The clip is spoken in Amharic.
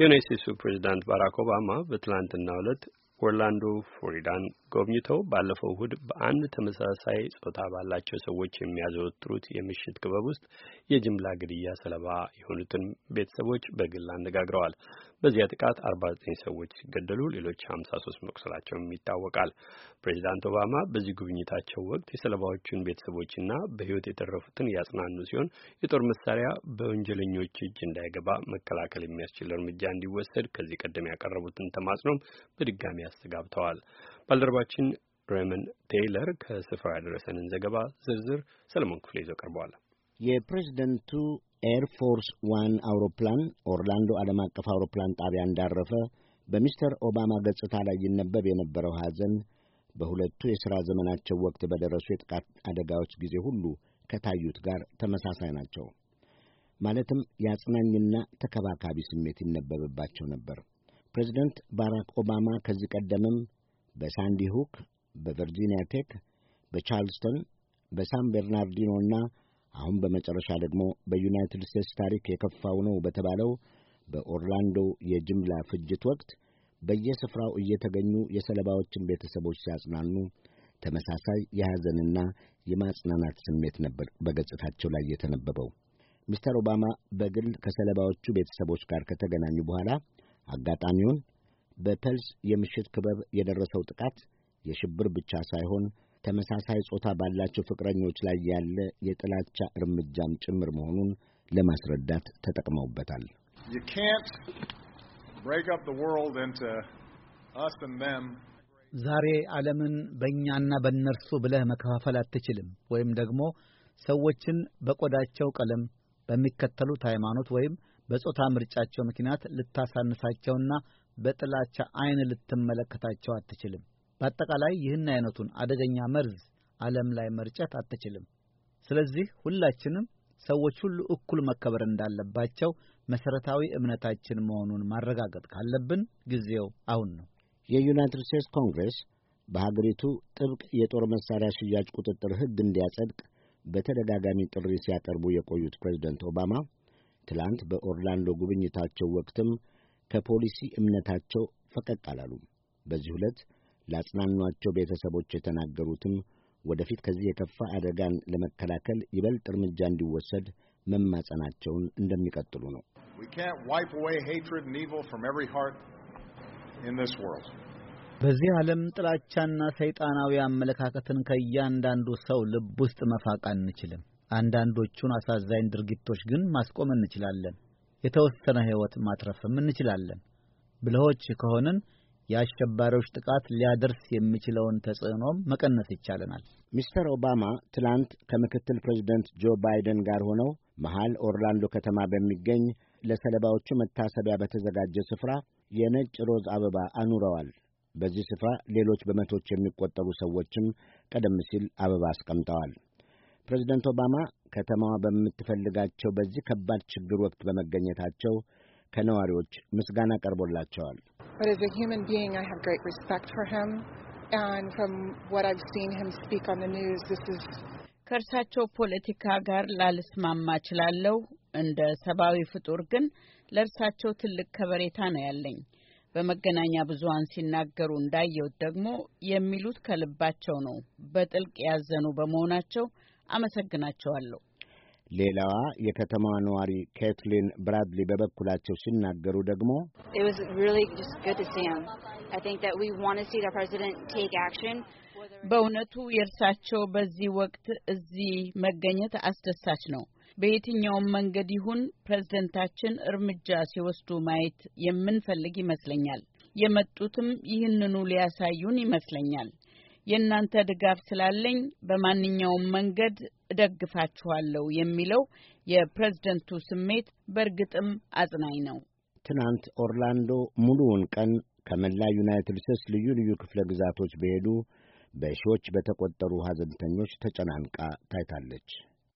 የዩናይት ስቴትሱ ፕሬዚዳንት ባራክ ኦባማ በትላንትናው ዕለት ኦርላንዶ ፍሎሪዳን ጎብኝተው ባለፈው እሁድ በአንድ ተመሳሳይ ጾታ ባላቸው ሰዎች የሚያዘወትሩት የምሽት ክበብ ውስጥ የጅምላ ግድያ ሰለባ የሆኑትን ቤተሰቦች በግል አነጋግረዋል። በዚያ ጥቃት 49 ሰዎች ሲገደሉ ሌሎች 53 መቁሰላቸውም ይታወቃል። ፕሬዚዳንት ኦባማ በዚህ ጉብኝታቸው ወቅት የሰለባዎቹን ቤተሰቦችና በሕይወት የተረፉትን ያጽናኑ ሲሆን የጦር መሳሪያ በወንጀለኞች እጅ እንዳይገባ መከላከል የሚያስችል እርምጃ እንዲወሰድ ከዚህ ቀደም ያቀረቡትን ተማጽኖም በድጋሚ አስተጋብተዋል። ባልደረባችን ሬመን ቴይለር ከስፍራው ያደረሰንን ዘገባ ዝርዝር ሰለሞን ክፍሌ ይዞ ቀርበዋል። የፕሬዚደንቱ ኤር ፎርስ ዋን አውሮፕላን ኦርላንዶ ዓለም አቀፍ አውሮፕላን ጣቢያ እንዳረፈ በሚስተር ኦባማ ገጽታ ላይ ይነበብ የነበረው ሐዘን በሁለቱ የሥራ ዘመናቸው ወቅት በደረሱ የጥቃት አደጋዎች ጊዜ ሁሉ ከታዩት ጋር ተመሳሳይ ናቸው። ማለትም የአጽናኝና ተከባካቢ ስሜት ይነበብባቸው ነበር። ፕሬዚደንት ባራክ ኦባማ ከዚህ ቀደምም በሳንዲ ሁክ፣ በቨርጂኒያ ቴክ፣ በቻርልስተን፣ በሳን ቤርናርዲኖ እና አሁን በመጨረሻ ደግሞ በዩናይትድ ስቴትስ ታሪክ የከፋው ነው በተባለው በኦርላንዶ የጅምላ ፍጅት ወቅት በየስፍራው እየተገኙ የሰለባዎችን ቤተሰቦች ሲያጽናኑ ተመሳሳይ የሐዘንና የማጽናናት ስሜት ነበር በገጽታቸው ላይ የተነበበው። ሚስተር ኦባማ በግል ከሰለባዎቹ ቤተሰቦች ጋር ከተገናኙ በኋላ አጋጣሚውን በፐልስ የምሽት ክበብ የደረሰው ጥቃት የሽብር ብቻ ሳይሆን ተመሳሳይ ጾታ ባላቸው ፍቅረኞች ላይ ያለ የጥላቻ እርምጃም ጭምር መሆኑን ለማስረዳት ተጠቅመውበታል። ዛሬ ዓለምን በእኛና በእነርሱ ብለህ መከፋፈል አትችልም። ወይም ደግሞ ሰዎችን በቆዳቸው ቀለም፣ በሚከተሉት ሃይማኖት ወይም በጾታ ምርጫቸው ምክንያት ልታሳንሳቸውና በጥላቻ አይን ልትመለከታቸው አትችልም። በአጠቃላይ ይህን አይነቱን አደገኛ መርዝ ዓለም ላይ መርጨት አትችልም። ስለዚህ ሁላችንም ሰዎች ሁሉ እኩል መከበር እንዳለባቸው መሠረታዊ እምነታችን መሆኑን ማረጋገጥ ካለብን ጊዜው አሁን ነው። የዩናይትድ ስቴትስ ኮንግሬስ በሀገሪቱ ጥብቅ የጦር መሳሪያ ሽያጭ ቁጥጥር ሕግ እንዲያጸድቅ በተደጋጋሚ ጥሪ ሲያቀርቡ የቆዩት ፕሬዝደንት ኦባማ ትላንት በኦርላንዶ ጉብኝታቸው ወቅትም ከፖሊሲ እምነታቸው ፈቀቅ አላሉ በዚህ ዕለት ለአጽናኗቸው ቤተሰቦች የተናገሩትም ወደፊት ከዚህ የከፋ አደጋን ለመከላከል ይበልጥ እርምጃ እንዲወሰድ መማጸናቸውን እንደሚቀጥሉ ነው። በዚህ ዓለም ጥላቻና ሰይጣናዊ አመለካከትን ከእያንዳንዱ ሰው ልብ ውስጥ መፋቅ አንችልም። አንዳንዶቹን አሳዛኝ ድርጊቶች ግን ማስቆም እንችላለን፣ የተወሰነ ሕይወት ማትረፍም እንችላለን። ብለዎች ከሆንን የአሸባሪዎች ጥቃት ሊያደርስ የሚችለውን ተጽዕኖም መቀነስ ይቻለናል። ሚስተር ኦባማ ትላንት ከምክትል ፕሬዚደንት ጆ ባይደን ጋር ሆነው መሃል ኦርላንዶ ከተማ በሚገኝ ለሰለባዎቹ መታሰቢያ በተዘጋጀ ስፍራ የነጭ ሮዝ አበባ አኑረዋል። በዚህ ስፍራ ሌሎች በመቶዎች የሚቆጠሩ ሰዎችም ቀደም ሲል አበባ አስቀምጠዋል። ፕሬዝደንት ኦባማ ከተማዋ በምትፈልጋቸው በዚህ ከባድ ችግር ወቅት በመገኘታቸው ከነዋሪዎች ምስጋና ቀርቦላቸዋል። ከእርሳቸው ፖለቲካ ጋር ላልስማማ እችላለሁ። እንደ ሰብአዊ ፍጡር ግን ለእርሳቸው ትልቅ ከበሬታ ነው ያለኝ። በመገናኛ ብዙኃን ሲናገሩ እንዳየሁት ደግሞ የሚሉት ከልባቸው ነው። በጥልቅ ያዘኑ በመሆናቸው አመሰግናቸዋለሁ። ሌላዋ የከተማዋ ነዋሪ ኬትሊን ብራድሊ በበኩላቸው ሲናገሩ ደግሞ በእውነቱ የእርሳቸው በዚህ ወቅት እዚህ መገኘት አስደሳች ነው። በየትኛውም መንገድ ይሁን ፕሬዝደንታችን እርምጃ ሲወስዱ ማየት የምንፈልግ ይመስለኛል። የመጡትም ይህንኑ ሊያሳዩን ይመስለኛል። የእናንተ ድጋፍ ስላለኝ በማንኛውም መንገድ እደግፋችኋለሁ የሚለው የፕሬዝደንቱ ስሜት በእርግጥም አጽናኝ ነው። ትናንት ኦርላንዶ ሙሉውን ቀን ከመላ ዩናይትድ ስቴትስ ልዩ ልዩ ክፍለ ግዛቶች በሄዱ በሺዎች በተቆጠሩ ሐዘንተኞች ተጨናንቃ ታይታለች።